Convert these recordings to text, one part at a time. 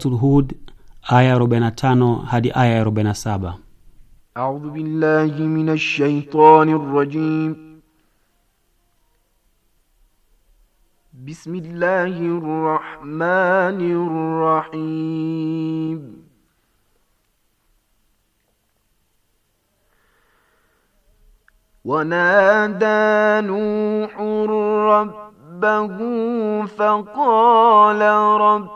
suratul hud aya ya 45 hadi aya ya 47 audhu billahi minash shaitani rajim بسم الله الرحمن الرحيم ونادى نوح ربه فقال رب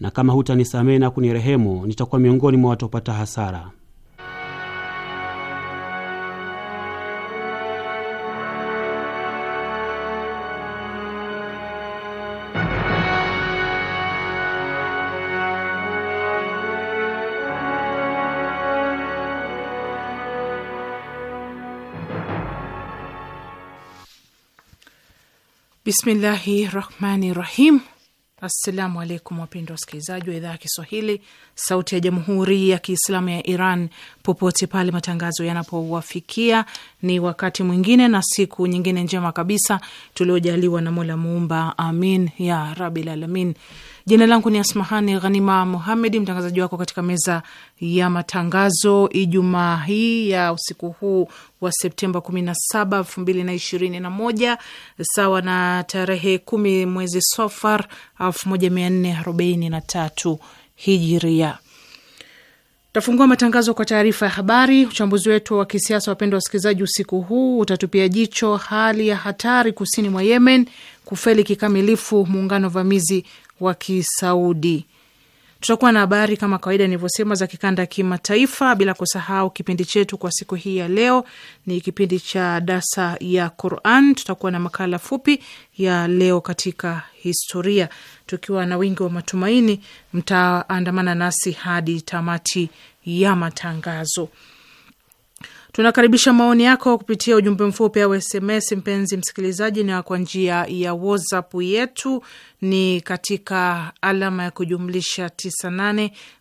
na kama hutanisamehe na kunirehemu nitakuwa miongoni mwa watopata hasara. Bismillahi rahmani rahim. Assalamu alaikum wapendwa wasikilizaji wa idhaa ya Kiswahili, sauti ya jamhuri ya kiislamu ya Iran, popote pale matangazo yanapowafikia. Ni wakati mwingine na siku nyingine njema kabisa tuliojaliwa na Mola Muumba, amin ya rabil alamin. Jina langu ni Asmahani Ghanima Muhamedi, mtangazaji wako katika meza ya matangazo Ijumaa hii ya usiku huu wa Septemba 17, 2021 sawa na tarehe kumi mwezi Sofar 1443 Hijiria. Tafungua matangazo kwa taarifa ya habari. Uchambuzi wetu wa kisiasa, wapendwa wasikilizaji, usiku huu utatupia jicho hali ya hatari kusini mwa Yemen, kufeli kikamilifu muungano vamizi wa Kisaudi. Tutakuwa na habari kama kawaida nilivyosema za kikanda ya kimataifa, bila kusahau kipindi chetu kwa siku hii ya leo ni kipindi cha darsa ya Quran. Tutakuwa na makala fupi ya leo katika historia. Tukiwa na wingi wa matumaini, mtaandamana nasi hadi tamati ya matangazo. Tunakaribisha maoni yako kupitia ujumbe mfupi au SMS, mpenzi msikilizaji, na kwa njia ya WhatsApp yetu ni katika alama ya kujumlisha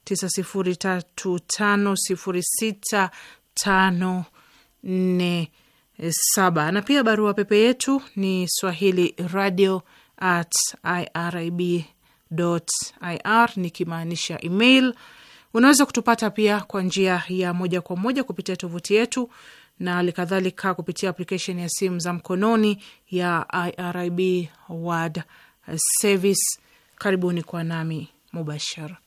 989035065487 na pia barua pepe yetu ni swahili radio at irib ir, nikimaanisha email Unaweza kutupata pia kwa njia ya moja kwa moja kupitia tovuti yetu na halikadhalika kupitia aplikesheni ya simu za mkononi ya IRIB World Service. Karibuni kwa nami mubashara.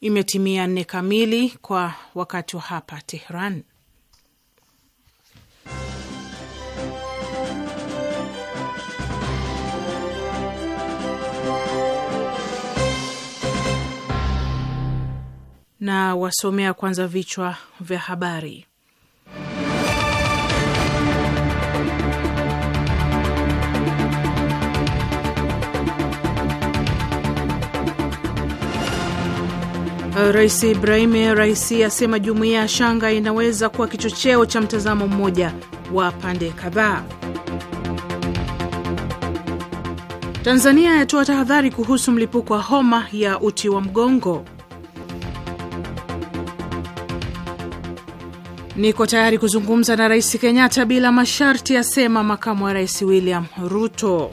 Imetimia nne kamili kwa wakati wa hapa Tehran. na wasomea kwanza vichwa vya habari. Rais Ibrahim Raisi asema jumuiya ya shanga inaweza kuwa kichocheo cha mtazamo mmoja wa pande kadhaa. Tanzania yatoa tahadhari kuhusu mlipuko wa homa ya uti wa mgongo. niko tayari kuzungumza na Rais Kenyatta bila masharti, asema makamu wa rais William Ruto.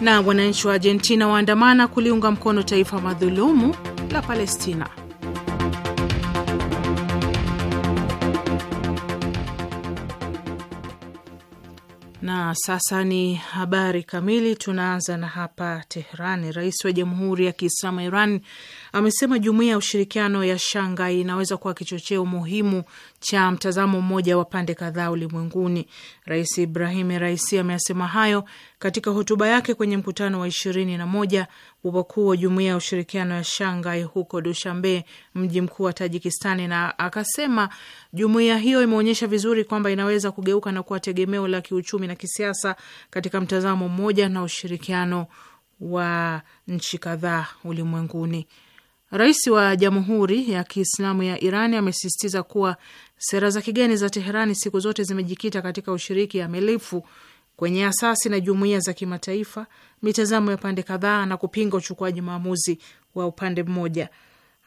Na wananchi wa Argentina waandamana kuliunga mkono taifa madhulumu la Palestina. Na sasa ni habari kamili. Tunaanza na hapa Teherani. Rais wa Jamhuri ya Kiislamu Iran amesema jumuiya ya ushirikiano ya Shanghai inaweza kuwa kichocheo muhimu cha mtazamo mmoja wa pande kadhaa ulimwenguni. Rais Ibrahim Raisi ameyasema hayo katika hotuba yake kwenye mkutano wa ishirini na moja wa wakuu wa jumuiya ya ushirikiano ya Shanghai huko Dushambe, mji mkuu wa Tajikistani, na akasema jumuiya hiyo imeonyesha vizuri kwamba inaweza kugeuka na kuwa tegemeo la kiuchumi na kisiasa katika mtazamo mmoja na ushirikiano wa nchi kadhaa ulimwenguni. Rais wa Jamhuri ya Kiislamu ya Iran amesisitiza kuwa sera za kigeni za Teherani siku zote zimejikita katika ushiriki amilifu kwenye asasi na jumuiya za kimataifa, mitazamo ya pande kadhaa na kupinga uchukuaji maamuzi wa upande mmoja.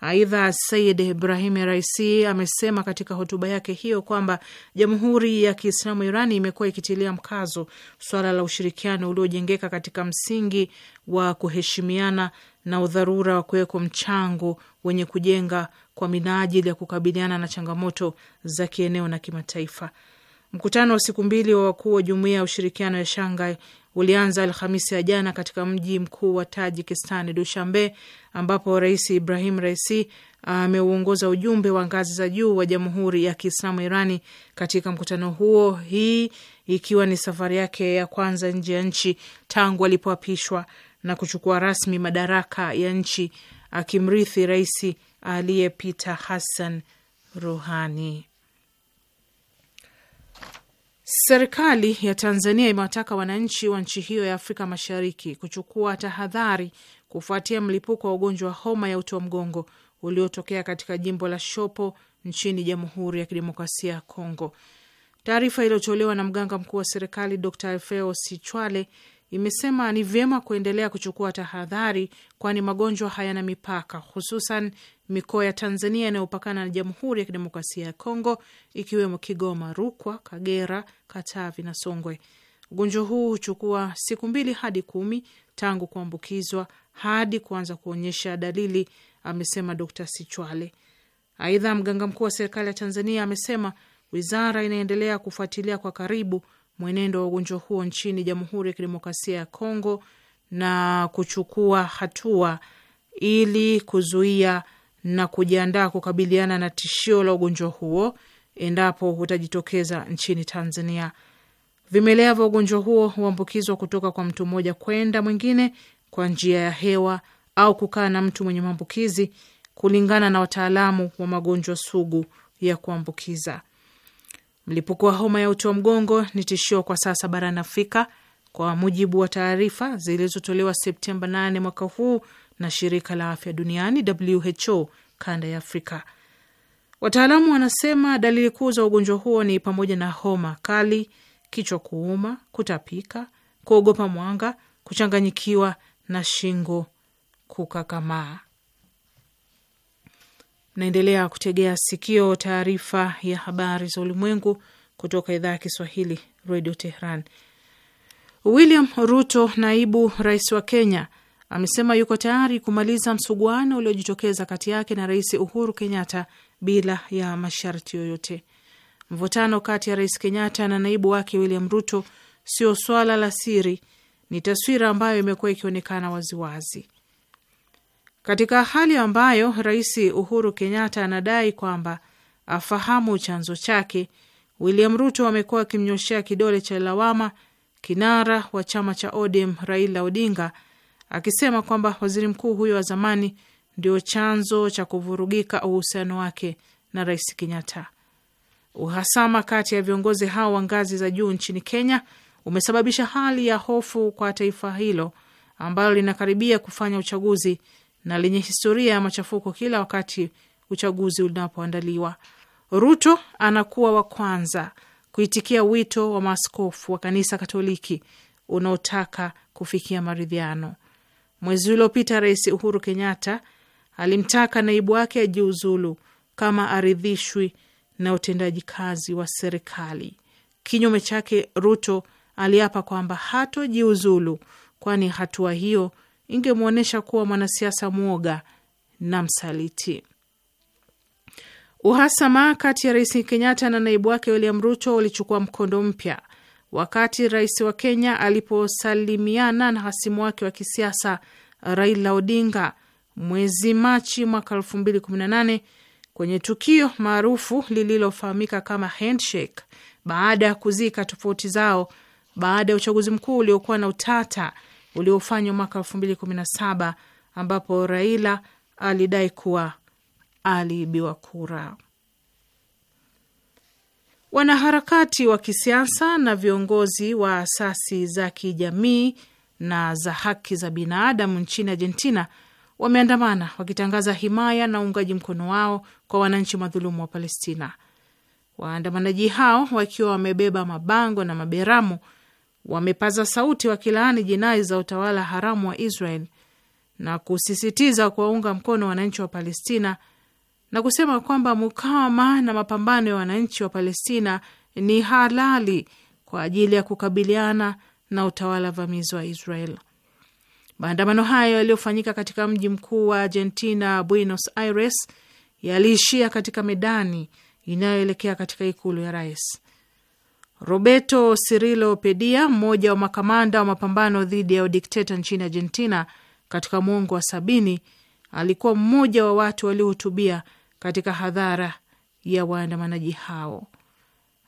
Aidha, Said Ibrahim Raisi amesema katika hotuba yake hiyo kwamba Jamhuri ya Kiislamu Irani imekuwa ikitilia mkazo swala la ushirikiano uliojengeka katika msingi wa kuheshimiana na udharura wa kuwekwa mchango wenye kujenga kwa minajili ya kukabiliana na changamoto za kieneo na kimataifa. Mkutano wa siku mbili wa wakuu wa jumuiya ya ushirikiano ya Shanghai ulianza Alhamisi ya jana katika mji mkuu wa Tajikistan, Dushambe, ambapo Rais Ibrahim Raisi ameuongoza ujumbe wa ngazi za juu wa Jamhuri ya Kiislamu Irani katika mkutano huo, hii ikiwa ni safari yake ya kwanza nje ya nchi tangu alipoapishwa na kuchukua rasmi madaraka ya nchi akimrithi rais aliyepita Hassan Ruhani. Serikali ya Tanzania imewataka wananchi wa nchi hiyo ya Afrika Mashariki kuchukua tahadhari kufuatia mlipuko wa ugonjwa wa homa ya uti wa mgongo uliotokea katika jimbo la Shopo nchini Jamhuri ya Kidemokrasia ya Kongo. Taarifa iliyotolewa na mganga mkuu wa serikali Dr Alfeo Sichwale imesema ni vyema kuendelea kuchukua tahadhari, kwani magonjwa hayana mipaka, hususan mikoa ya Tanzania inayopakana na Jamhuri ya Kidemokrasia ya Kongo, ikiwemo Kigoma, Rukwa, Kagera, Katavi na Songwe. Ugonjwa huu huchukua siku mbili hadi kumi tangu kuambukizwa hadi kuanza kuonyesha dalili, amesema Dr Sichwale. Aidha, mganga mkuu wa serikali ya Tanzania amesema wizara inaendelea kufuatilia kwa karibu mwenendo wa ugonjwa huo nchini Jamhuri ya Kidemokrasia ya Kongo na kuchukua hatua ili kuzuia na kujiandaa kukabiliana na tishio la ugonjwa huo endapo utajitokeza nchini Tanzania. Vimelea vya ugonjwa huo huambukizwa kutoka kwa mtu mmoja kwenda mwingine kwa njia ya hewa au kukaa na mtu mwenye maambukizi, kulingana na wataalamu wa magonjwa sugu ya kuambukiza. Mlipuko wa homa ya uti wa mgongo ni tishio kwa sasa barani Afrika kwa mujibu wa taarifa zilizotolewa Septemba 8 mwaka huu na shirika la afya duniani WHO kanda ya Afrika. Wataalamu wanasema dalili kuu za ugonjwa huo ni pamoja na homa kali, kichwa kuuma, kutapika, kuogopa mwanga, kuchanganyikiwa na shingo kukakamaa. Naendelea kutegea sikio taarifa ya habari za ulimwengu kutoka idhaa ya Kiswahili redio Tehran. William Ruto, naibu rais wa Kenya, amesema yuko tayari kumaliza msuguano uliojitokeza kati yake na Rais Uhuru Kenyatta bila ya masharti yoyote. Mvutano kati ya Rais Kenyatta na naibu wake William Ruto sio swala la siri, ni taswira ambayo imekuwa ikionekana waziwazi katika hali ambayo Rais Uhuru Kenyatta anadai kwamba afahamu chanzo chake. William Ruto amekuwa akimnyoshea kidole cha lawama kinara wa chama cha ODM Raila Odinga, akisema kwamba waziri mkuu huyo wa zamani ndio chanzo cha kuvurugika uhusiano wake na Rais Kenyatta. Uhasama kati ya viongozi hao wa ngazi za juu nchini Kenya umesababisha hali ya hofu kwa taifa hilo ambalo linakaribia kufanya uchaguzi na lenye historia ya machafuko kila wakati uchaguzi unapoandaliwa. Ruto anakuwa wa kwanza kuitikia wito wa maaskofu wa kanisa Katoliki unaotaka kufikia maridhiano. Mwezi uliopita Rais Uhuru Kenyatta alimtaka naibu wake ajiuzulu kama aridhishwi na utendaji kazi wa serikali. Kinyume chake, Ruto aliapa kwamba hatojiuzulu, kwani hatua hiyo ingemwonyesha kuwa mwanasiasa mwoga na msaliti. Uhasama kati ya Rais Kenyatta na naibu wake William Ruto ulichukua mkondo mpya wakati rais wa Kenya aliposalimiana na hasimu wake wa kisiasa Raila Odinga mwezi Machi mwaka 2018 kwenye tukio maarufu lililofahamika kama handshake, baada ya kuzika tofauti zao baada ya uchaguzi mkuu uliokuwa na utata uliofanywa mwaka elfu mbili kumi na saba ambapo Raila alidai kuwa aliibiwa kura. Wanaharakati wa kisiasa na viongozi wa asasi za kijamii na za haki za binadamu nchini Argentina wameandamana wakitangaza himaya na uungaji mkono wao kwa wananchi madhulumu wa Palestina. Waandamanaji hao wakiwa wamebeba mabango na maberamu wamepaza sauti wakilaani jinai za utawala haramu wa Israel na kusisitiza kuwaunga mkono wananchi wa Palestina na kusema kwamba mukawama na mapambano ya wananchi wa Palestina ni halali kwa ajili ya kukabiliana na utawala vamizi wa Israel. Maandamano hayo yaliyofanyika katika mji mkuu wa Argentina, Buenos Aires, yaliishia katika medani inayoelekea katika ikulu ya rais. Roberto Sirilo Pedia, mmoja wa makamanda wa mapambano dhidi ya udikteta nchini Argentina katika mwongo wa sabini, alikuwa mmoja wa watu waliohutubia katika hadhara ya waandamanaji hao.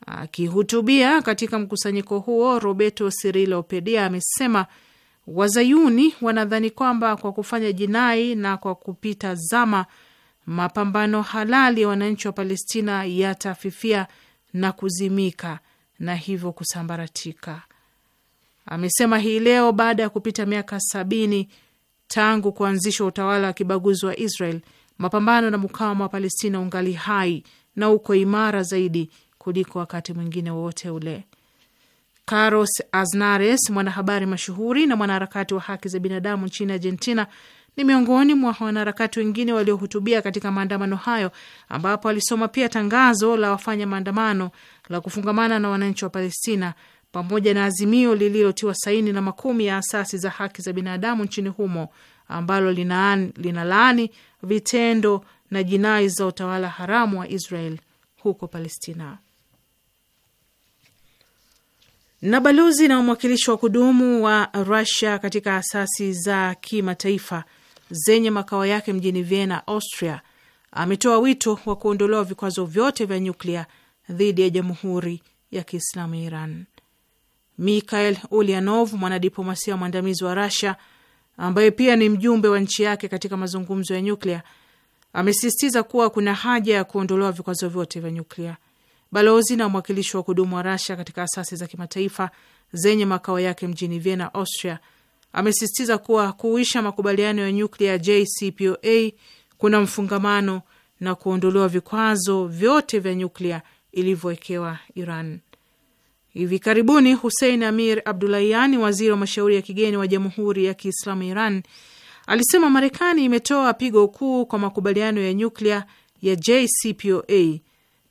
Akihutubia katika mkusanyiko huo, Roberto Sirilo Pedia amesema Wazayuni wanadhani kwamba kwa kufanya jinai na kwa kupita zama mapambano halali ya wananchi wa Palestina yatafifia na kuzimika na hivyo kusambaratika. Amesema hii leo baada ya kupita miaka sabini tangu kuanzishwa utawala wa kibaguzi wa Israel, mapambano na mkawama wa Palestina ungali hai na uko imara zaidi kuliko wakati mwingine wowote ule. Carlos Aznares, mwanahabari mashuhuri na mwanaharakati wa haki za binadamu nchini Argentina, ni miongoni mwa wanaharakati wengine waliohutubia katika maandamano hayo, ambapo alisoma pia tangazo la wafanya maandamano la kufungamana na wananchi wa Palestina pamoja na azimio lililotiwa saini na makumi ya asasi za haki za binadamu nchini humo ambalo linalaani vitendo na jinai za utawala haramu wa Israel huko Palestina. Na balozi na mwakilishi wa kudumu wa Rusia katika asasi za kimataifa zenye makao yake mjini Vienna, Austria, ametoa wito wa kuondolewa vikwazo vyote vya nyuklia dhidi ya Jamhuri ya Kiislamu ya Iran. Mikhail ulianov mwanadiplomasia mwandamizi wa rasia ambaye pia ni mjumbe wa nchi yake katika mazungumzo ya nyuklia, amesisitiza kuwa kuna haja ya kuondolewa vikwazo vyote vya nyuklia. Balozi na mwakilishi wa kudumu wa rasia katika asasi za kimataifa zenye makao yake mjini Vienna, Austria amesisitiza kuwa kuisha makubaliano ya nyuklia JCPOA kuna mfungamano na kuondolewa vikwazo vyote vya nyuklia ilivyowekewa Iran. Hivi karibuni Hussein Amir Abdulayani, waziri wa mashauri ya kigeni wa Jamhuri ya Kiislamu Iran, alisema Marekani imetoa pigo kuu kwa makubaliano ya nyuklia ya JCPOA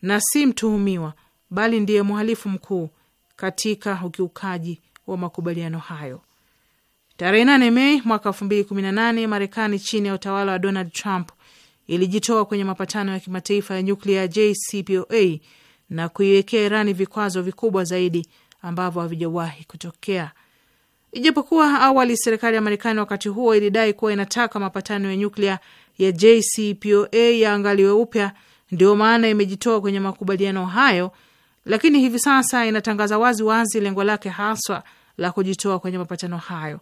na si mtuhumiwa bali ndiye mhalifu mkuu katika ukiukaji wa makubaliano hayo. Tarehe 8 Mei mwaka 2018 Marekani chini ya utawala wa Donald Trump ilijitoa kwenye mapatano ya kimataifa ya nyuklia JCPOA na kuiwekea Irani vikwazo vikubwa zaidi ambavyo havijawahi kutokea. Ijapokuwa awali serikali ya Marekani wakati huo ilidai kuwa inataka mapatano ya nyuklia ya JCPOA yaangaliwe upya, ndio maana imejitoa kwenye makubaliano hayo, lakini hivi sasa inatangaza wazi wazi lengo lake haswa la kujitoa kwenye mapatano hayo.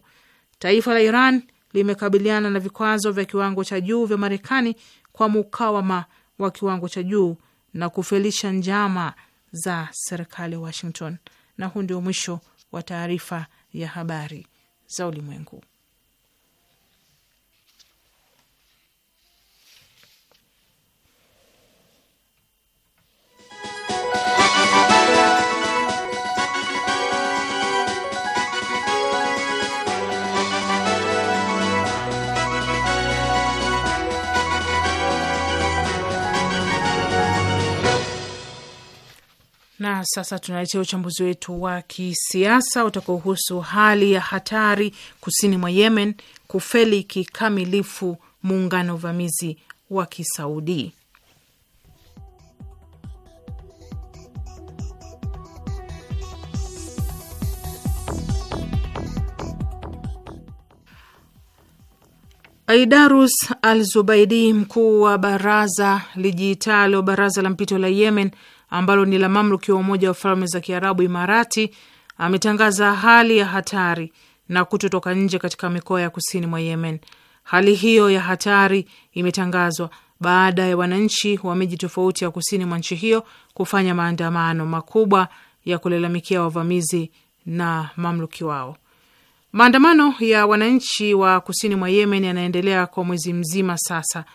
Taifa la Iran limekabiliana na vikwazo vya kiwango cha juu vya Marekani kwa mukawama wa kiwango cha juu na kufelisha njama za serikali Washington. Na huu ndio mwisho wa taarifa ya habari za ulimwengu. Na sasa tunaletea uchambuzi wetu wa kisiasa utakaohusu hali ya hatari kusini mwa Yemen kufeli kikamilifu muungano uvamizi wa Kisaudi. Aidarus al Zubaidi, mkuu wa baraza lijiitalo baraza la mpito la Yemen, ambalo ni la mamluki wa Umoja wa Falme za Kiarabu, Imarati, ametangaza hali ya hatari na kutotoka nje katika mikoa ya kusini mwa Yemen. Hali hiyo ya hatari imetangazwa baada ya wananchi wa miji tofauti ya kusini mwa nchi hiyo kufanya maandamano makubwa ya kulalamikia wavamizi na mamluki wao. Maandamano ya wananchi wa kusini mwa Yemen yanaendelea kwa mwezi mzima sasa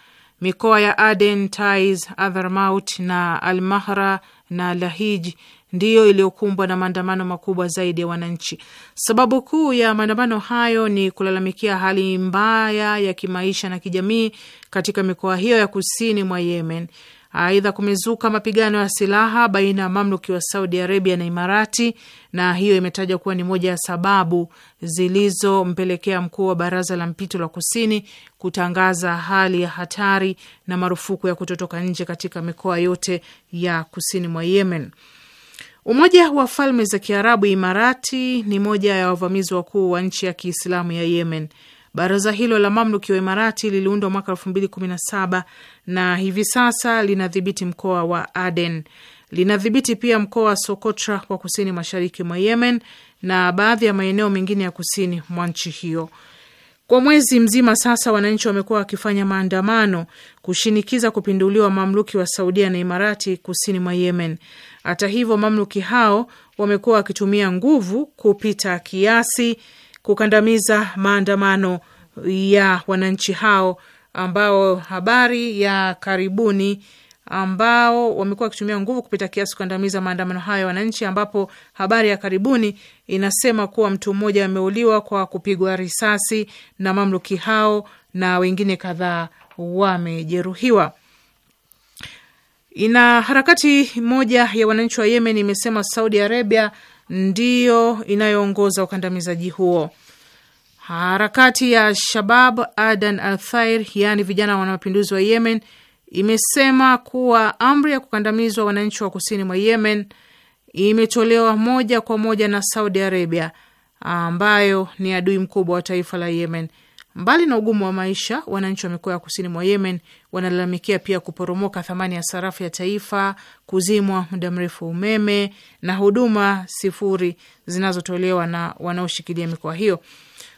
Mikoa ya Aden, Taiz, Adharmaut na Almahra na Lahij ndiyo iliyokumbwa na maandamano makubwa zaidi ya wananchi. Sababu kuu ya maandamano hayo ni kulalamikia hali mbaya ya kimaisha na kijamii katika mikoa hiyo ya kusini mwa Yemen. Aidha, kumezuka mapigano ya silaha baina ya mamluki wa Saudi Arabia na Imarati, na hiyo imetajwa kuwa ni moja ya sababu zilizompelekea mkuu wa baraza la mpito la kusini kutangaza hali ya hatari na marufuku ya kutotoka nje katika mikoa yote ya kusini mwa Yemen. Umoja wa Falme za Kiarabu, Imarati, ni moja ya wavamizi wakuu wa nchi ya Kiislamu ya Yemen. Baraza hilo la mamluki wa Imarati liliundwa mwaka elfu mbili kumi na saba na hivi sasa linadhibiti mkoa wa Aden. Linadhibiti pia mkoa wa Sokotra wa kusini mashariki mwa Yemen na baadhi ya maeneo mengine ya kusini mwa nchi hiyo. Kwa mwezi mzima sasa, wananchi wamekuwa wakifanya maandamano kushinikiza kupinduliwa mamluki wa Saudia na Imarati kusini mwa Yemen. Hata hivyo, mamluki hao wamekuwa wakitumia nguvu kupita kiasi kukandamiza maandamano ya wananchi hao ambao habari ya karibuni ambao wamekuwa wakitumia nguvu kupita kiasi kukandamiza maandamano hayo ya wananchi, ambapo habari ya karibuni inasema kuwa mtu mmoja ameuliwa kwa kupigwa risasi na mamluki hao na wengine kadhaa wamejeruhiwa. Ina harakati moja ya wananchi wa Yemen imesema Saudi Arabia ndiyo inayoongoza ukandamizaji huo. Harakati ya Shabab Adan al Thair, yaani vijana wa mapinduzi wa Yemen, imesema kuwa amri ya kukandamizwa wananchi wa kusini mwa Yemen imetolewa moja kwa moja na Saudi Arabia ambayo ni adui mkubwa wa taifa la Yemen. Mbali na ugumu wa maisha, wananchi wa mikoa ya kusini mwa Yemen wanalalamikia pia kuporomoka thamani ya sarafu ya taifa, kuzimwa muda mrefu umeme na huduma sifuri zinazotolewa na wanaoshikilia mikoa hiyo.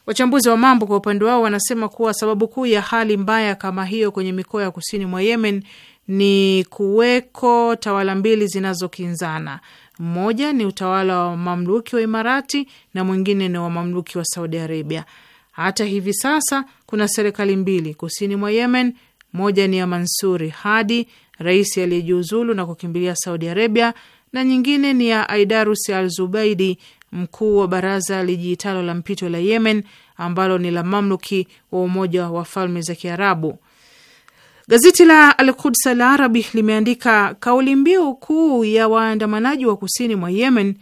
Wachambuzi wa mambo kwa upande wao wanasema kuwa sababu kuu ya hali mbaya kama hiyo kwenye mikoa ya kusini mwa Yemen ni kuweko tawala mbili zinazokinzana. Mmoja ni utawala wa mamluki wa Imarati na mwingine ni wa mamluki wa Saudi Arabia. Hata hivi sasa kuna serikali mbili kusini mwa Yemen. Moja ni ya Mansuri Hadi, rais aliyejiuzulu na kukimbilia Saudi Arabia, na nyingine ni ya Aidarus al Zubaidi, mkuu wa baraza lijiitalo la mpito la Yemen, ambalo ni la mamluki wa Umoja wa Falme za Kiarabu. Gazeti la Al Quds Al Arabi limeandika kauli mbiu kuu ya waandamanaji wa kusini mwa Yemen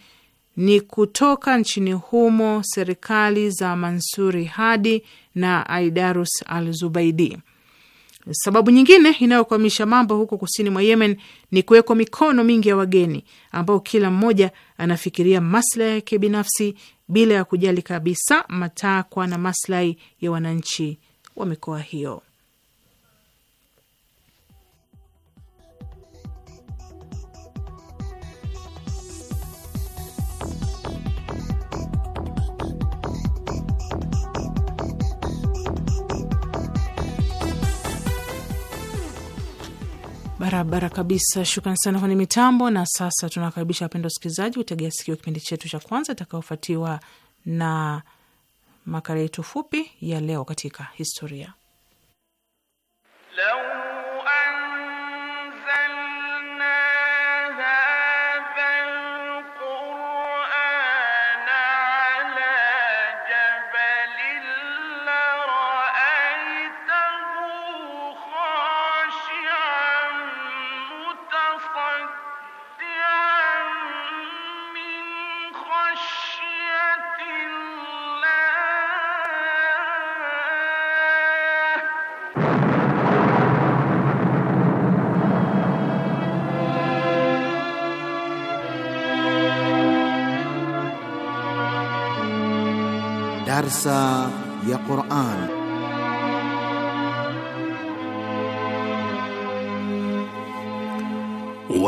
ni kutoka nchini humo serikali za Mansuri Hadi na Aidarus al Zubaidi. Sababu nyingine inayokwamisha mambo huko kusini mwa Yemen ni kuwekwa mikono mingi ya wageni ambao kila mmoja anafikiria maslahi yake binafsi bila ya kujali kabisa matakwa na maslahi ya wananchi wa mikoa hiyo. barabara kabisa. Shukrani sana kwenye mitambo. Na sasa tunawakaribisha wapendwa wasikilizaji kutegea sikio kipindi chetu cha kwanza itakayofuatiwa na makala yetu fupi ya leo katika historia.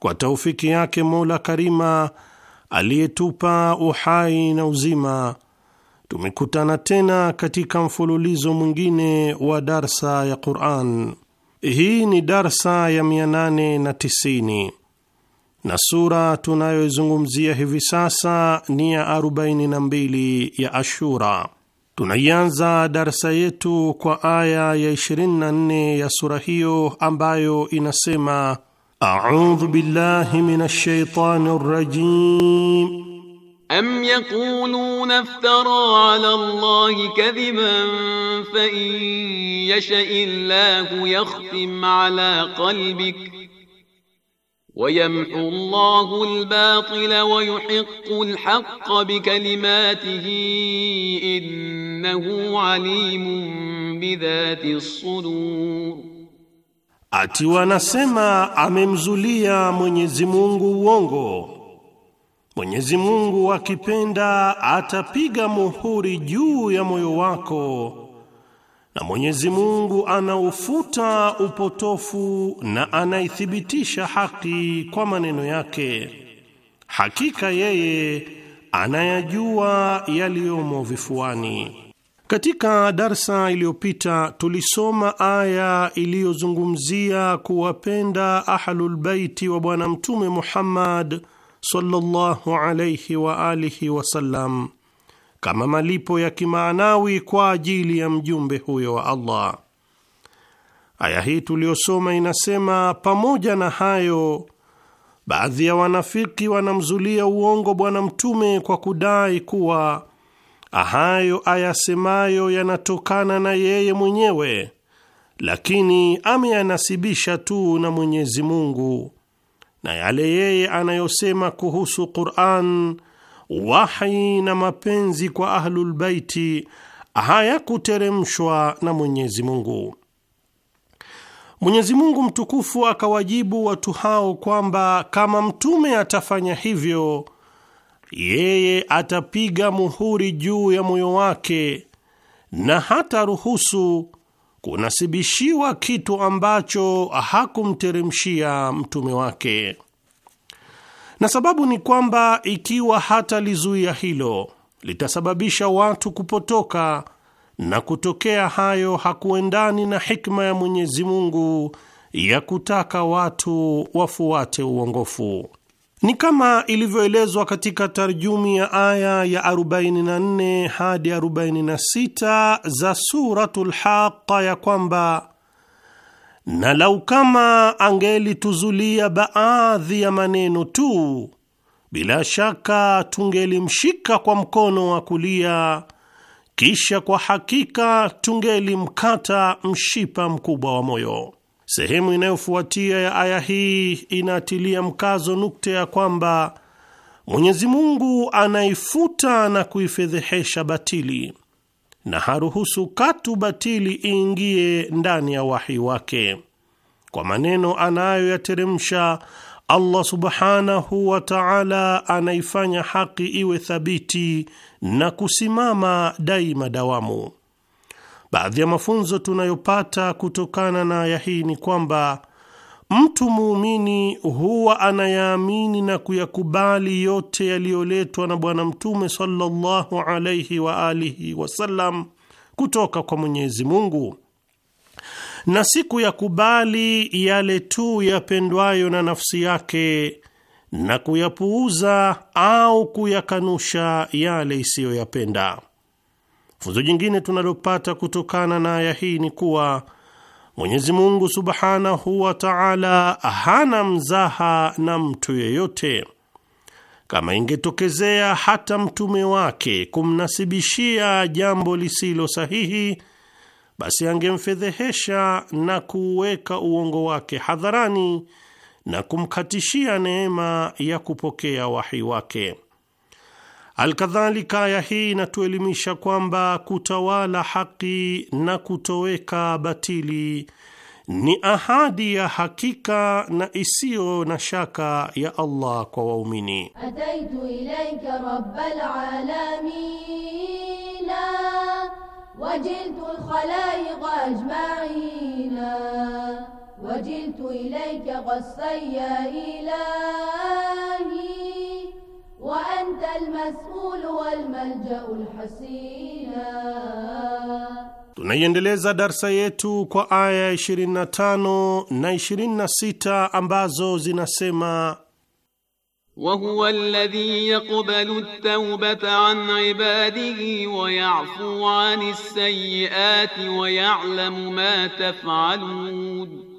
kwa taufiki yake Mola Karima aliyetupa uhai na uzima, tumekutana tena katika mfululizo mwingine wa darsa ya Quran. Hii ni darsa ya 890 na sura tunayoizungumzia hivi sasa ni ya 42 ya Ashura. Tunaianza darsa yetu kwa aya ya 24 ya sura hiyo ambayo inasema أعوذ بالله من الشيطان الرجيم أم يقولون افترى على الله كذبا فإن يشأ الله يختم على قلبك ويمحو الله الباطل ويحق الحق بكلماته إنه عليم بذات الصدور Ati wanasema amemzulia Mwenyezi Mungu uongo. Mwenyezi Mungu akipenda atapiga muhuri juu ya moyo wako, na Mwenyezi Mungu anaufuta upotofu na anaithibitisha haki kwa maneno yake. Hakika yeye anayajua yaliyomo vifuani. Katika darsa iliyopita tulisoma aya iliyozungumzia kuwapenda ahlulbeiti wa Bwana Mtume Muhammad sallallahu alayhi wa alihi wasallam kama malipo ya kimaanawi kwa ajili ya mjumbe huyo wa Allah. Aya hii tuliyosoma inasema, pamoja na hayo, baadhi ya wanafiki wanamzulia uongo Bwana Mtume kwa kudai kuwa hayo ayasemayo yanatokana na yeye mwenyewe, lakini ameyanasibisha tu na Mwenyezi Mungu, na yale yeye anayosema kuhusu Qur'an, wahi na mapenzi kwa Ahlulbaiti hayakuteremshwa na Mwenyezi Mungu. Mwenyezi Mungu mtukufu akawajibu watu hao kwamba kama mtume atafanya hivyo yeye atapiga muhuri juu ya moyo wake na hataruhusu kunasibishiwa kitu ambacho hakumteremshia mtume wake. Na sababu ni kwamba ikiwa hatalizuia hilo, litasababisha watu kupotoka na kutokea hayo hakuendani na hikma ya Mwenyezi Mungu ya kutaka watu wafuate uongofu. Ni kama ilivyoelezwa katika tarjumi ya aya ya 44 hadi 46 za Suratul Haqa ya kwamba na lau kama angelituzulia baadhi ya maneno tu, bila shaka tungelimshika kwa mkono wa kulia, kisha kwa hakika tungelimkata mshipa mkubwa wa moyo. Sehemu inayofuatia ya aya hii inatilia mkazo nukta ya kwamba Mwenyezi Mungu anaifuta na kuifedhehesha batili na haruhusu katu batili iingie ndani ya wahi wake. Kwa maneno anayoyateremsha Allah subhanahu wa ta'ala anaifanya haki iwe thabiti na kusimama daima dawamu. Baadhi ya mafunzo tunayopata kutokana na aya hii ni kwamba mtu muumini huwa anayaamini na kuyakubali yote yaliyoletwa na Bwana Mtume sallallahu alaihi wa alihi wasallam kutoka kwa Mwenyezi Mungu na si kuyakubali yale tu yapendwayo na nafsi yake na kuyapuuza au kuyakanusha yale isiyoyapenda. Funzo jingine tunalopata kutokana na aya hii ni kuwa Mwenyezi Mungu subhanahu wa taala hana mzaha na mtu yeyote. Kama ingetokezea hata mtume wake kumnasibishia jambo lisilo sahihi, basi angemfedhehesha na kuweka uongo wake hadharani na kumkatishia neema ya kupokea wahi wake. Alkadhalika, aya hii inatuelimisha kwamba kutawala haki na kutoweka batili ni ahadi ya hakika na isiyo na shaka ya Allah kwa waumini. Ataitu rabbal wajiltu alkhalaiq wajiltu ilahi وأنت المسؤول والملجأ الحسينا Tunaiendeleza darsa yetu kwa aya 25 na 26 ambazo zinasema وهو الذي يقبل التوبة عن عباده ويعفو عن السيئات ويعلم ما تفعلون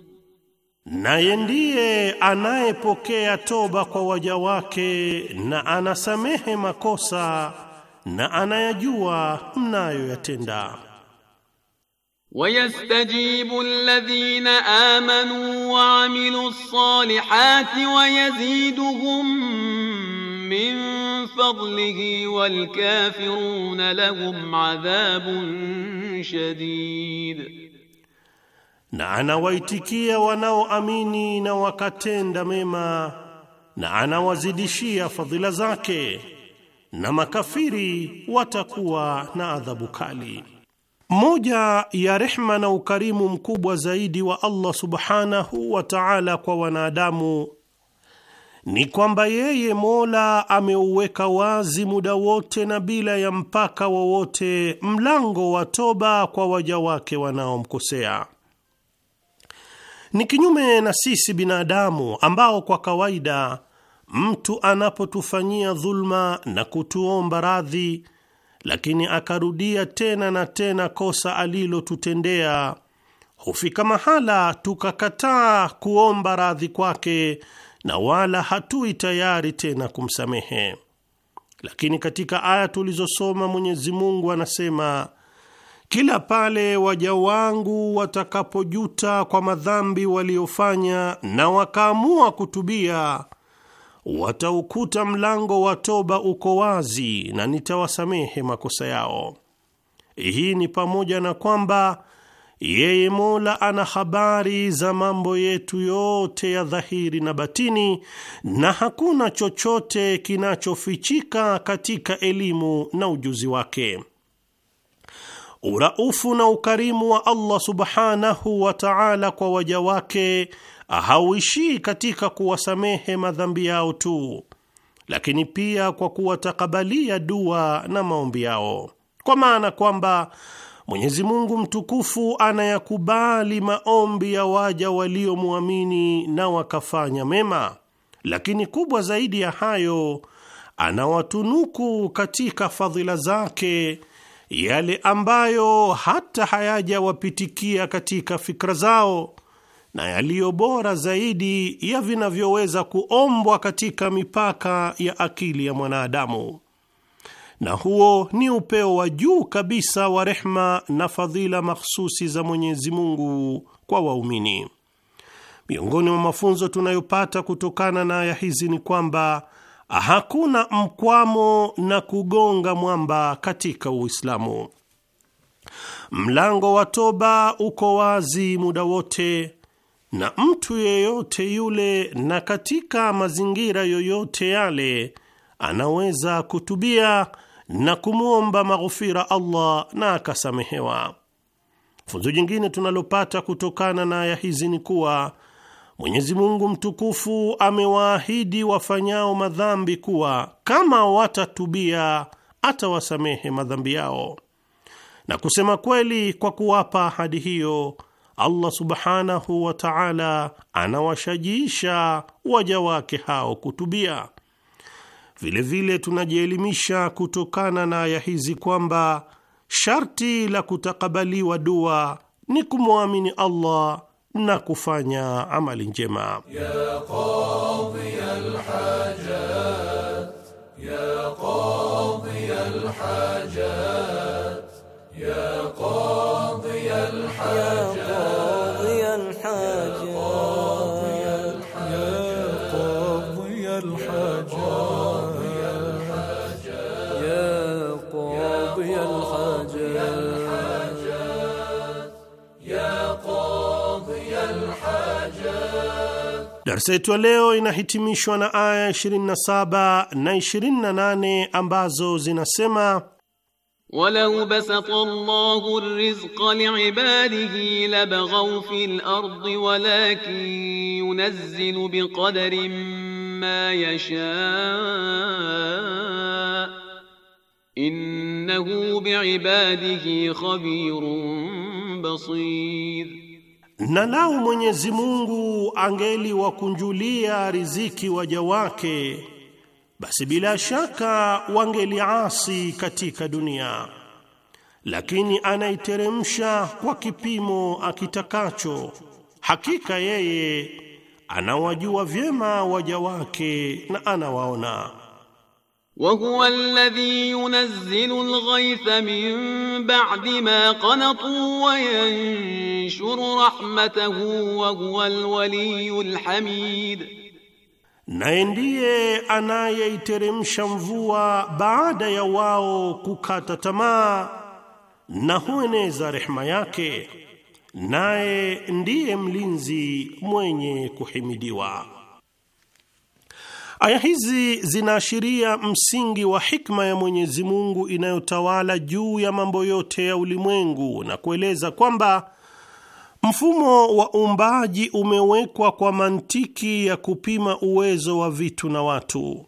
naye ndiye anayepokea toba kwa waja wake na anasamehe makosa na anayajua mnayoyatenda. Wayastajibu alladhina amanu wa amilu ssalihati wayaziduhum min fadlihi walkafiruna lahum adhabun shadid na anawaitikia wanaoamini na wakatenda mema, na anawazidishia fadhila zake, na makafiri watakuwa na adhabu kali. Moja ya rehma na ukarimu mkubwa zaidi wa Allah subhanahu wa ta'ala kwa wanadamu ni kwamba yeye Mola ameuweka wazi muda wote na bila ya mpaka wowote mlango wa toba kwa waja wake wanaomkosea. Ni kinyume na sisi binadamu ambao kwa kawaida mtu anapotufanyia dhulma na kutuomba radhi, lakini akarudia tena na tena kosa alilotutendea, hufika mahala tukakataa kuomba radhi kwake na wala hatui tayari tena kumsamehe. Lakini katika aya tulizosoma, Mwenyezi Mungu anasema kila pale waja wangu watakapojuta kwa madhambi waliofanya na wakaamua kutubia, wataukuta mlango wa toba uko wazi na nitawasamehe makosa yao. Hii ni pamoja na kwamba yeye Mola ana habari za mambo yetu yote ya dhahiri na batini, na hakuna chochote kinachofichika katika elimu na ujuzi wake uraufu na ukarimu wa Allah subhanahu wa ta'ala kwa waja wake hauishii katika kuwasamehe madhambi yao tu, lakini pia kwa kuwatakabalia dua na maombi yao, kwa maana kwamba Mwenyezi Mungu mtukufu anayakubali maombi ya waja waliomwamini na wakafanya mema, lakini kubwa zaidi ya hayo anawatunuku katika fadhila zake yale ambayo hata hayajawapitikia katika fikra zao na yaliyo bora zaidi ya vinavyoweza kuombwa katika mipaka ya akili ya mwanadamu. Na huo ni upeo wa juu kabisa wa rehma na fadhila makhsusi za Mwenyezi Mungu kwa waumini. Miongoni mwa mafunzo tunayopata kutokana na aya hizi ni kwamba hakuna mkwamo na kugonga mwamba katika Uislamu. Mlango wa toba uko wazi muda wote na mtu yeyote yule na katika mazingira yoyote yale anaweza kutubia na kumwomba maghufira Allah na akasamehewa. Funzo jingine tunalopata kutokana na aya hizi ni kuwa Mwenyezi Mungu mtukufu amewaahidi wafanyao madhambi kuwa kama watatubia atawasamehe madhambi yao, na kusema kweli, kwa kuwapa ahadi hiyo Allah subhanahu wa ta'ala anawashajiisha waja wake hao kutubia. Vilevile tunajielimisha kutokana na aya hizi kwamba sharti la kutakabaliwa dua ni kumwamini Allah na kufanya amali njema ya qadhi alhajat ya Darsa yetu ya leo inahitimishwa na aya 27 na 28 ambazo zinasema Walau basata Allahu ar-rizqa li'ibadihi labaghaw fil ardi walakin yunazzilu biqadarin ma yasha innahu bi'ibadihi khabirun basir Na lau Mwenyezi Mungu angeliwakunjulia riziki waja wake, basi bila shaka wangeliasi katika dunia, lakini anaiteremsha kwa kipimo akitakacho. Hakika yeye anawajua vyema waja wake na anawaona. وهو الذي ينزل الغيث من بعد ما قنطوا وينشر رحمته وهو الولي الحميد naye ndiye anayeiteremsha mvua baada ya wao kukata tamaa na hueneza rehema yake, naye ndiye mlinzi mwenye kuhimidiwa. Aya hizi zinaashiria msingi wa hikma ya Mwenyezi Mungu inayotawala juu ya mambo yote ya ulimwengu na kueleza kwamba mfumo wa uumbaji umewekwa kwa mantiki ya kupima uwezo wa vitu na watu,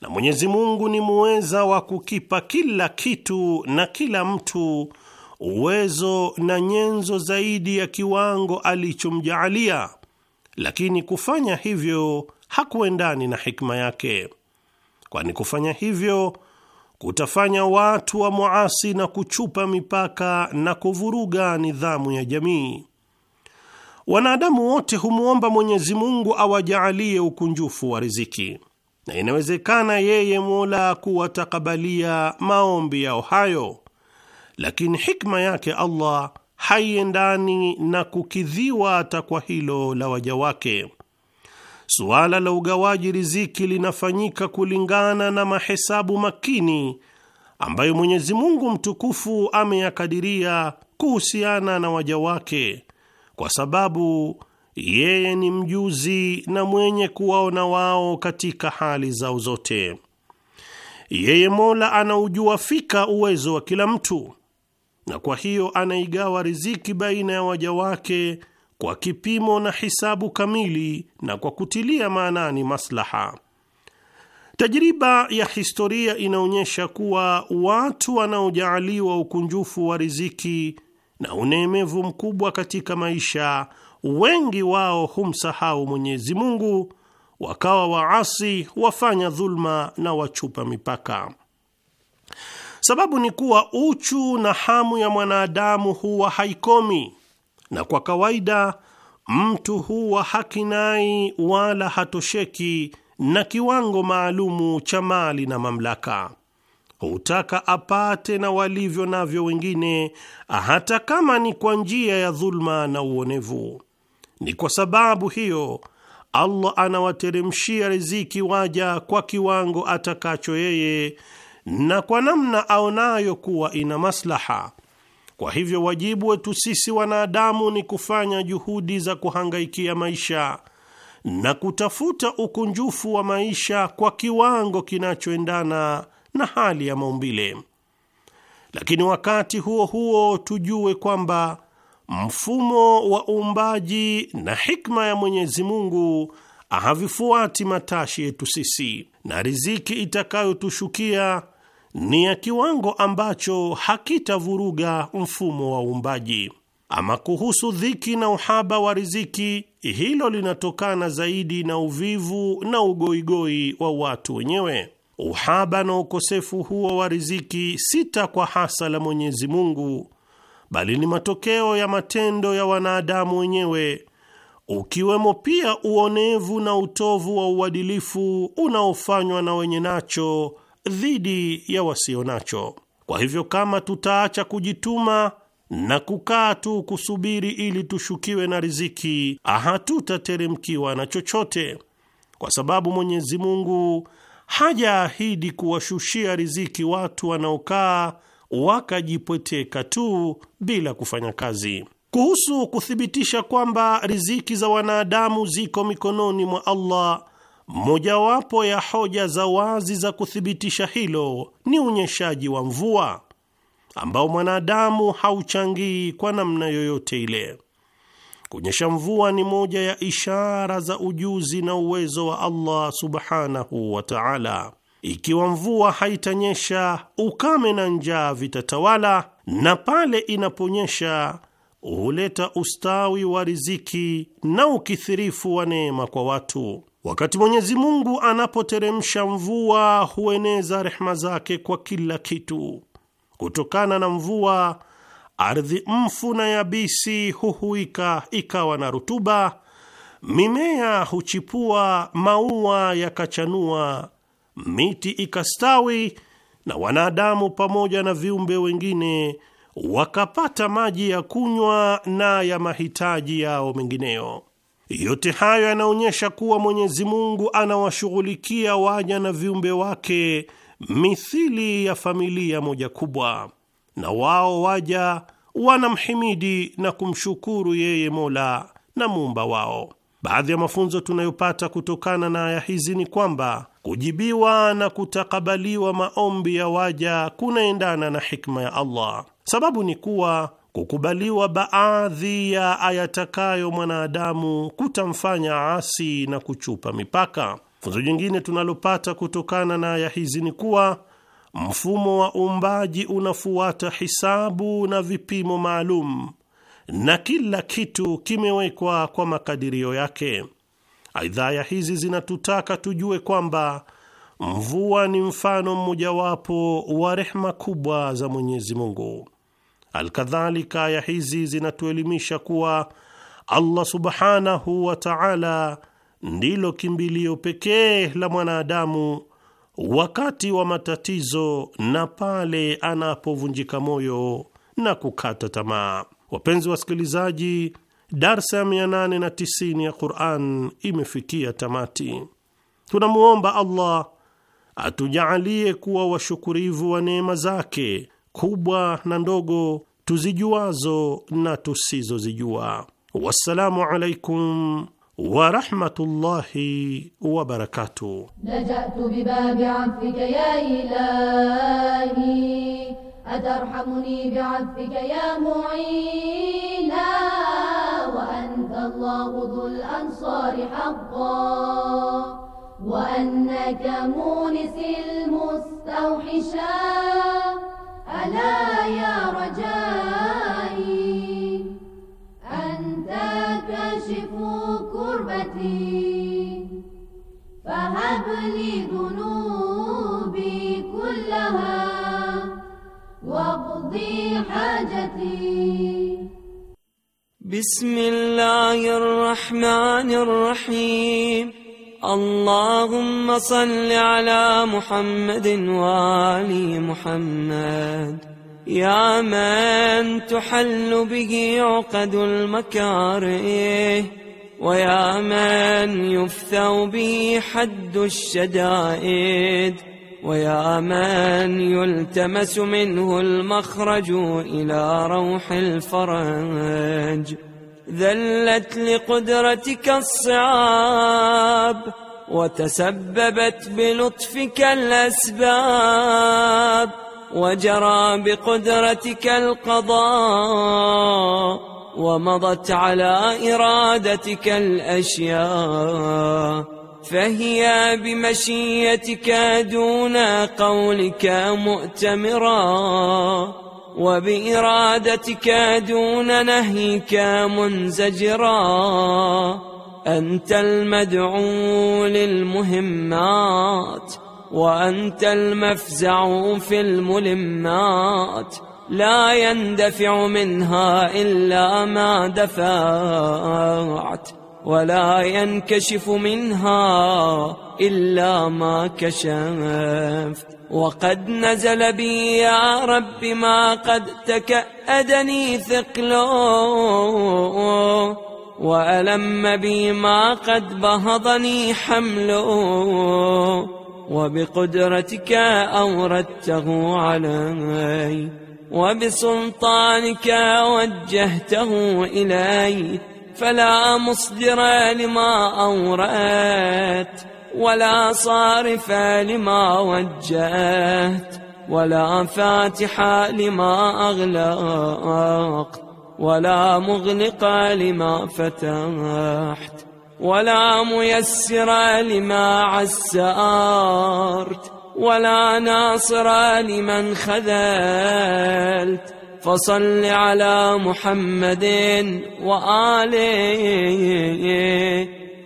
na Mwenyezi Mungu ni muweza wa kukipa kila kitu na kila mtu uwezo na nyenzo zaidi ya kiwango alichomjaalia, lakini kufanya hivyo hakuendani na hikma yake, kwani kufanya hivyo kutafanya watu wa muasi na kuchupa mipaka na kuvuruga nidhamu ya jamii. Wanadamu wote humwomba Mwenyezi Mungu awajaalie ukunjufu wa riziki, na inawezekana yeye Mola kuwatakabalia maombi yao hayo, lakini hikma yake Allah haiendani na kukidhiwa takwa hilo la waja wake suala la ugawaji riziki linafanyika kulingana na mahesabu makini ambayo Mwenyezi Mungu mtukufu ameyakadiria kuhusiana na waja wake, kwa sababu yeye ni mjuzi na mwenye kuwaona wao katika hali zao zote. Yeye Mola anaujua fika uwezo wa kila mtu, na kwa hiyo anaigawa riziki baina ya waja wake kwa kipimo na hisabu kamili na kwa kutilia maanani maslaha. Tajriba ya historia inaonyesha kuwa watu wanaojaaliwa ukunjufu wa riziki na unemevu mkubwa katika maisha, wengi wao humsahau Mwenyezi Mungu, wakawa waasi, wafanya dhulma na wachupa mipaka. Sababu ni kuwa uchu na hamu ya mwanadamu huwa haikomi na kwa kawaida mtu huwa hakinai wala hatosheki na kiwango maalumu cha mali na mamlaka. Hutaka apate na walivyo navyo wengine, hata kama ni kwa njia ya dhulma na uonevu. Ni kwa sababu hiyo Allah anawateremshia riziki waja kwa kiwango atakacho yeye na kwa namna aonayo kuwa ina maslaha kwa hivyo wajibu wetu sisi wanadamu ni kufanya juhudi za kuhangaikia maisha na kutafuta ukunjufu wa maisha kwa kiwango kinachoendana na hali ya maumbile, lakini wakati huo huo tujue kwamba mfumo wa uumbaji na hikma ya Mwenyezi Mungu havifuati matashi yetu sisi, na riziki itakayotushukia ni ya kiwango ambacho hakitavuruga mfumo wa uumbaji. Ama kuhusu dhiki na uhaba wa riziki, hilo linatokana zaidi na uvivu na ugoigoi wa watu wenyewe. Uhaba na ukosefu huo wa riziki si takwa hasa la Mwenyezi Mungu, bali ni matokeo ya matendo ya wanadamu wenyewe, ukiwemo pia uonevu na utovu wa uadilifu unaofanywa na wenye nacho dhidi ya wasio nacho. Kwa hivyo, kama tutaacha kujituma na kukaa tu kusubiri ili tushukiwe na riziki, hatutateremkiwa na chochote, kwa sababu Mwenyezi Mungu hajaahidi kuwashushia riziki watu wanaokaa wakajipweteka tu bila kufanya kazi. Kuhusu kuthibitisha kwamba riziki za wanadamu ziko mikononi mwa Allah Mojawapo ya hoja za wazi za kuthibitisha hilo ni unyeshaji wa mvua ambao mwanadamu hauchangii kwa namna yoyote ile. Kunyesha mvua ni moja ya ishara za ujuzi na uwezo wa Allah subhanahu wa ta'ala. Ikiwa mvua haitanyesha, ukame na njaa vitatawala, na pale inaponyesha huleta ustawi wa riziki na ukithirifu wa neema kwa watu. Wakati Mwenyezi Mungu anapoteremsha mvua hueneza rehma zake kwa kila kitu. Kutokana na mvua, ardhi mfu na yabisi huhuika ikawa na rutuba, mimea huchipua, maua yakachanua, miti ikastawi, na wanadamu pamoja na viumbe wengine wakapata maji ya kunywa na ya mahitaji yao mengineyo. Yote hayo yanaonyesha kuwa Mwenyezi Mungu anawashughulikia waja na viumbe wake mithili ya familia moja kubwa, na wao waja wanamhimidi na kumshukuru yeye Mola na muumba wao. Baadhi ya mafunzo tunayopata kutokana na aya hizi ni kwamba kujibiwa na kutakabaliwa maombi ya waja kunaendana na hikma ya Allah. Sababu ni kuwa kukubaliwa baadhi ya ayatakayo mwanadamu kutamfanya asi na kuchupa mipaka. Funzo jingine tunalopata kutokana na aya hizi ni kuwa mfumo wa uumbaji unafuata hisabu na vipimo maalum na kila kitu kimewekwa kwa makadirio yake. Aidha, aya hizi zinatutaka tujue kwamba mvua ni mfano mmojawapo wa rehma kubwa za Mwenyezi Mungu. Alkadhalika, aya hizi zinatuelimisha kuwa Allah subhanahu wa taala ndilo kimbilio pekee la mwanadamu wakati wa matatizo na pale anapovunjika moyo na kukata tamaa. Wapenzi wasikilizaji, darsa ya 890 ya Quran imefikia tamati. Tunamwomba Allah atujaalie kuwa washukurivu wa neema zake kubwa na ndogo tuzijuazo na tusizozijua. Wassalamu alaikum wa wabarakatuh. Najatu bibabi afika ya ilahi atarhamuni biafika ya muina wa anta Allahu dhul ansari haqqan wa annaka munisi ألا يا رجائي أنت كاشف كربتي فهب لي ذنوبي كلها واقضي حاجتي بسم الله الرحمن الرحيم اللهم صل على محمد وآل محمد يا من تحل به عقد المكاره ويا من يفتى به حد الشدائد ويا من يلتمس منه المخرج إلى روح الفرج ذلت لقدرتك الصعاب وتسببت بلطفك الأسباب وجرى بقدرتك القضاء ومضت على إرادتك الأشياء فهي بمشيتك دون قولك مؤتمرا وبإرادتك دون نهيك منزجرا أنت المدعو للمهمات وأنت المفزع في الملمات لا يندفع منها إلا ما دفعت ولا ينكشف منها إلا ما كشفت وقد نزل بي يا رب ما قد تكأدني ثقله وألم بي ما قد بهضني حمله وبقدرتك أوردته علي وبسلطانك وجهته إلي فلا مصدر لما أورات ولا صارف لما وجهت ولا فاتح لما أغلقت ولا مغلق لما فتحت ولا ميسر لما عسرت ولا ناصر لمن خذلت فصل على محمد وآله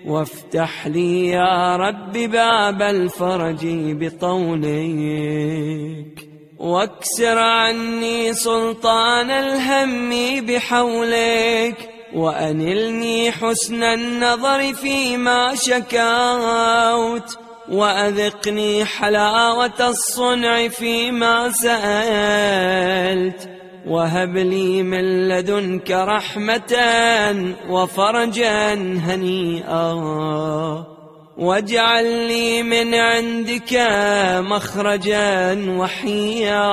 وافتح لي يا رب باب الفرج بقولك واكسر عني سلطان الهم بحولك وأنلني حسن النظر فيما شكوت وأذقني حلاوة الصنع فيما سألت وهب لي من لدنك رحمة وفرجا هنيئا واجعل لي من عندك مخرجا وحيا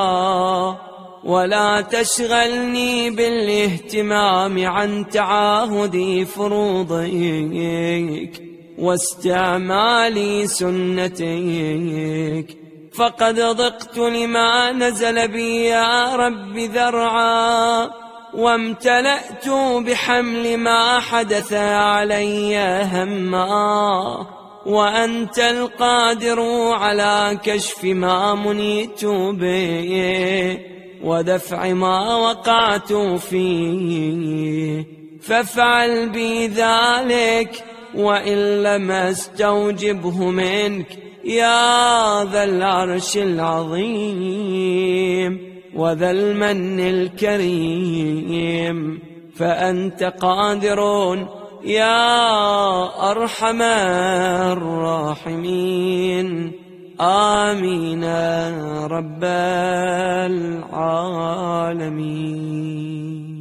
ولا تشغلني بالاهتمام عن تعاهدي فروضك واستعمال سنتك فقد ضقت لما نزل بي يا رب ذرعا وامتلأت بحمل ما حدث علي هما وأنت القادر على كشف ما منيت به ودفع ما وقعت فيه فافعل بي ذلك وإن لم استوجبه منك يا ذا العرش العظيم وذا المن الكريم فأنت قادر يا أرحم الراحمين آمين رب العالمين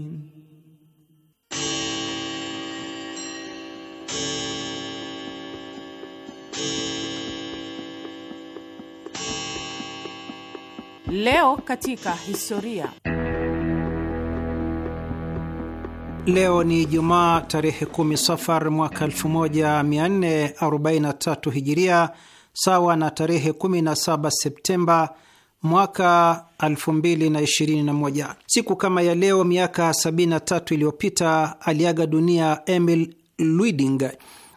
Leo katika historia. Leo ni Jumaa tarehe 10 Safar mwaka 1443 Hijiria, sawa na tarehe 17 Septemba mwaka 2021. Siku kama ya leo miaka 73 iliyopita aliaga dunia Emil Luiding,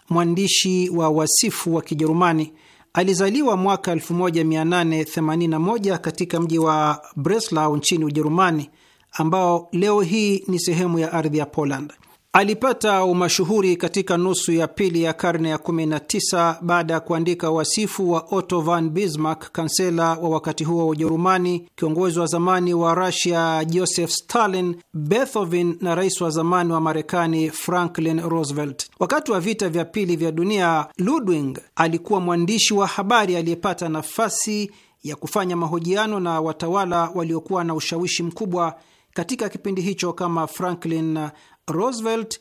mwandishi wa wasifu wa Kijerumani. Alizaliwa mwaka 1881 katika mji wa Breslau nchini Ujerumani, ambao leo hii ni sehemu ya ardhi ya Poland. Alipata umashuhuri katika nusu ya pili ya karne ya 19 baada ya kuandika wasifu wa Otto von Bismarck, kansela wa wakati huo wa Ujerumani, kiongozi wa zamani wa Russia Joseph Stalin, Beethoven na rais wa zamani wa Marekani Franklin Roosevelt. Wakati wa vita vya pili vya dunia, Ludwig alikuwa mwandishi wa habari aliyepata nafasi ya kufanya mahojiano na watawala waliokuwa na ushawishi mkubwa katika kipindi hicho kama Franklin Roosevelt,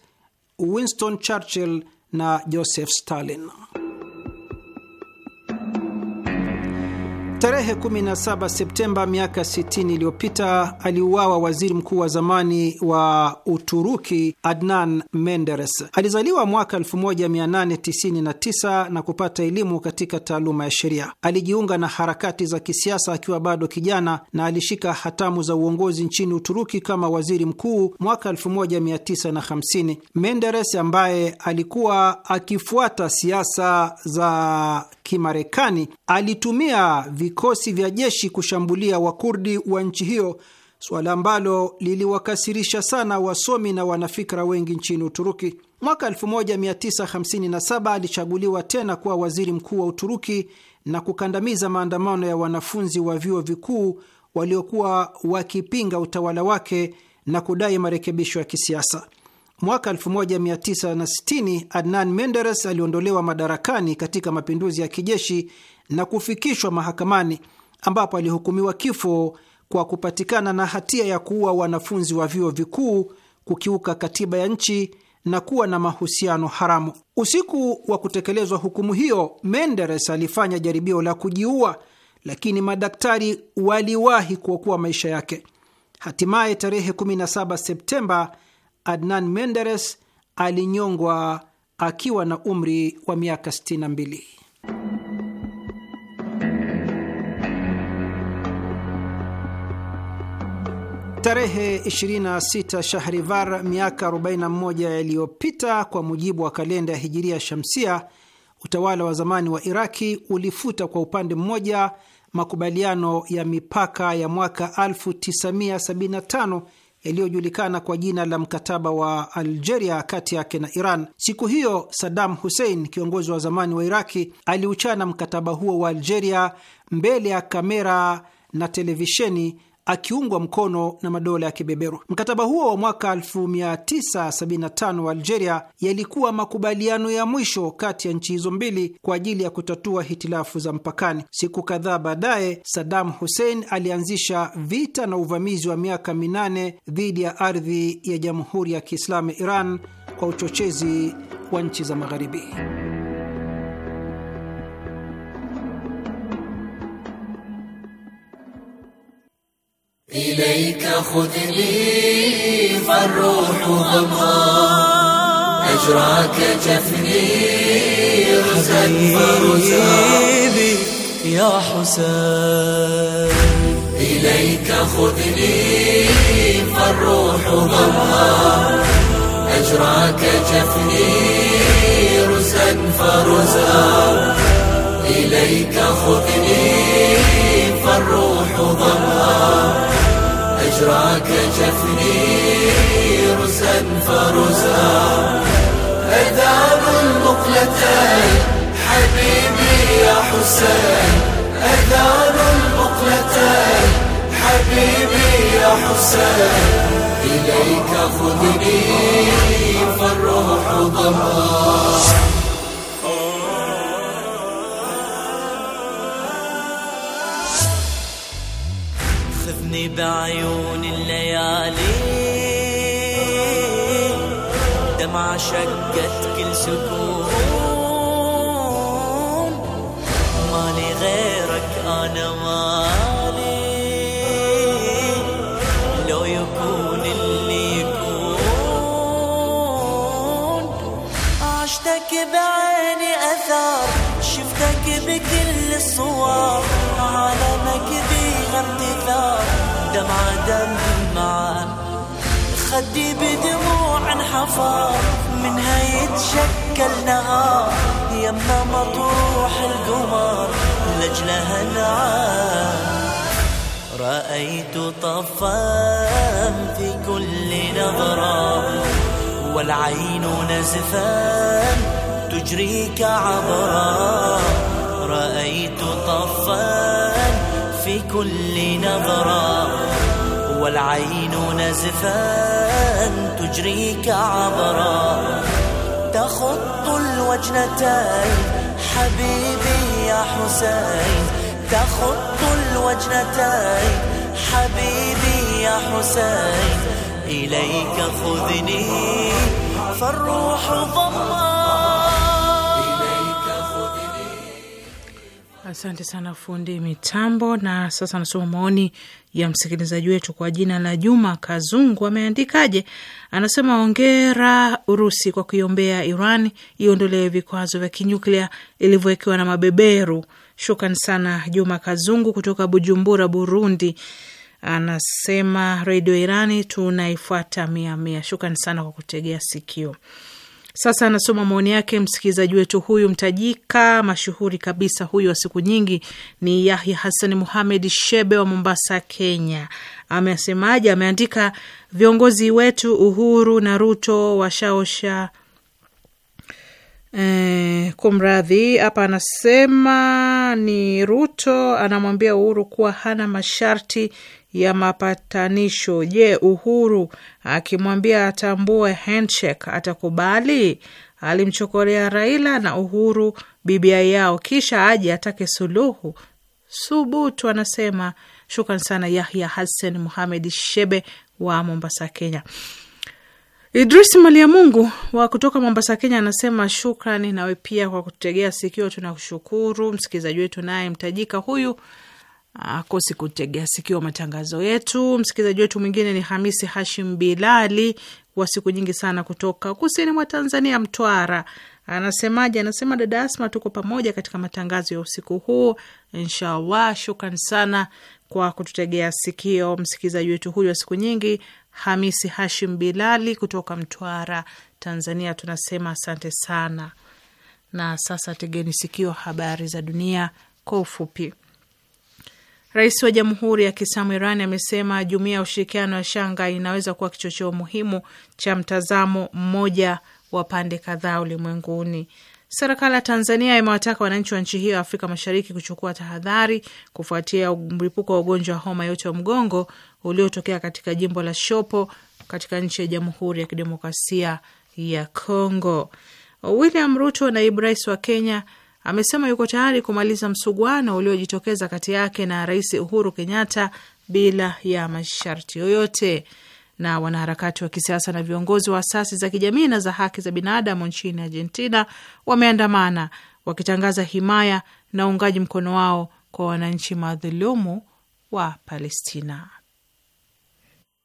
Winston Churchill na Joseph Stalin. Tarehe 17 Septemba miaka 60 iliyopita aliuawa waziri mkuu wa zamani wa Uturuki Adnan Menderes. Alizaliwa mwaka 1899 na kupata elimu katika taaluma ya sheria. Alijiunga na harakati za kisiasa akiwa bado kijana na alishika hatamu za uongozi nchini Uturuki kama waziri mkuu mwaka 1950. Menderes ambaye alikuwa akifuata siasa za Kimarekani alitumia vikosi vya jeshi kushambulia Wakurdi wa nchi hiyo, suala ambalo liliwakasirisha sana wasomi na wanafikra wengi nchini Uturuki. Mwaka 1957 alichaguliwa tena kuwa waziri mkuu wa Uturuki na kukandamiza maandamano ya wanafunzi wa vyuo vikuu waliokuwa wakipinga utawala wake na kudai marekebisho ya kisiasa. Mwaka 1960 Adnan Menderes aliondolewa madarakani katika mapinduzi ya kijeshi na kufikishwa mahakamani ambapo alihukumiwa kifo kwa kupatikana na hatia ya kuua wanafunzi wa vyuo vikuu, kukiuka katiba ya nchi na kuwa na mahusiano haramu. Usiku wa kutekelezwa hukumu hiyo, Menderes alifanya jaribio la kujiua, lakini madaktari waliwahi kuokoa maisha yake. Hatimaye tarehe 17 Septemba, Adnan Menderes alinyongwa akiwa na umri wa miaka 62. Tarehe 26 Shahrivar miaka 41 yaliyopita kwa mujibu wa kalenda ya Hijiria Shamsia, utawala wa zamani wa Iraki ulifuta kwa upande mmoja makubaliano ya mipaka ya mwaka 1975 yaliyojulikana kwa jina la mkataba wa Algeria kati yake na Iran. Siku hiyo Saddam Hussein, kiongozi wa zamani wa Iraki, aliuchana mkataba huo wa Algeria mbele ya kamera na televisheni akiungwa mkono na madola ya kibeberu. Mkataba huo wa mwaka 1975 wa Algeria yalikuwa makubaliano ya mwisho kati ya nchi hizo mbili kwa ajili ya kutatua hitilafu za mpakani. Siku kadhaa baadaye, Saddam Hussein alianzisha vita na uvamizi wa miaka minane dhidi ya ardhi ya Jamhuri ya Kiislamu ya Iran kwa uchochezi wa nchi za Magharibi. إليك خذني فالروح غمها أجراك جفني رزا فرزا يا حسين إليك خذني فالروح غمها أجراك جفني رزا فرزا إليك خذني فالروح هجراك جفني رسا فرسا أذاب المقلتين حبيبي يا حسين أذاب المقلتين حبيبي يا حسين إليك خذني فالروح ضمار شفتني بعيون الليالي دمعة شقت كل سكون دمعان خدي بدموع انحفر منها يتشكل نهار يما مطروح القمر لجلها العام رأيت طفا في كل نظرة والعين نزفا تجريك عبرا رأيت طفا في كل نظرة والعين نزفان تجريك عبرا تخط الوجنتين حبيبي يا حسين تخط الوجنتين حبيبي يا حسين إليك خذني فالروح ضمّ Asante sana fundi mitambo. Na sasa nasoma maoni ya msikilizaji wetu kwa jina la Juma Kazungu. Ameandikaje? Anasema ongera Urusi kwa kuiombea Iran iondolewe vikwazo vya kinyuklia ilivyowekewa na mabeberu. Shukran sana Juma Kazungu kutoka Bujumbura, Burundi. Anasema redio Irani tunaifuata mia mia. Shukran sana kwa kutegea sikio. Sasa anasoma maoni yake msikilizaji wetu huyu mtajika mashuhuri kabisa huyu wa siku nyingi, ni Yahya Hassan Muhamed Shebe wa Mombasa, Kenya. Amesemaje? Ameandika, viongozi wetu Uhuru na Ruto washaosha Eh, kumradhi hapa anasema ni Ruto anamwambia Uhuru kuwa hana masharti ya mapatanisho. Je, Uhuru akimwambia atambue handshake atakubali? Alimchokolea Raila na Uhuru bibia yao, kisha aje atake suluhu. Subutu anasema. Shukran sana Yahya Hassan Muhamed Shebe wa Mombasa, Kenya. Idris Malia Mungu wa kutoka Mombasa, Kenya, anasema shukrani nawe pia kwa kututegea sikio. Tunakushukuru msikilizaji wetu naye mtajika huyu akosi kutegea sikio matangazo yetu. Msikilizaji wetu mwingine ni Hamisi Hashim Bilali wa siku nyingi sana kutoka kusini mwa Tanzania, Mtwara. Anasemaje? Anasema dada Asma, tuko pamoja katika matangazo ya usiku huu inshallah. Shukran sana kwa kututegea sikio msikilizaji wetu huyu wa siku nyingi Hamisi Hashim Bilali kutoka Mtwara, Tanzania. Tunasema asante sana, na sasa tegeni sikio habari za dunia kwa ufupi. Rais wa Jamhuri ya Kiislamu Iran amesema jumuiya ya ushirikiano wa Shanga inaweza kuwa kichocheo muhimu cha mtazamo mmoja wa pande kadhaa ulimwenguni. Serikali ya Tanzania imewataka wananchi wa nchi hiyo ya Afrika Mashariki kuchukua tahadhari kufuatia mlipuko wa ugonjwa wa homa yote wa mgongo uliotokea katika jimbo la Shopo katika nchi ya Jamhuri ya Kidemokrasia ya Congo. William Ruto, naibu rais wa Kenya, amesema yuko tayari kumaliza msuguano uliojitokeza kati yake na Rais Uhuru Kenyatta bila ya masharti yoyote. Na wanaharakati wa kisiasa na viongozi wa asasi za kijamii na za haki za binadamu nchini Argentina wameandamana wakitangaza himaya na uungaji mkono wao kwa wananchi madhulumu wa Palestina.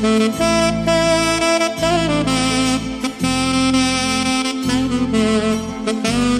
Thank you.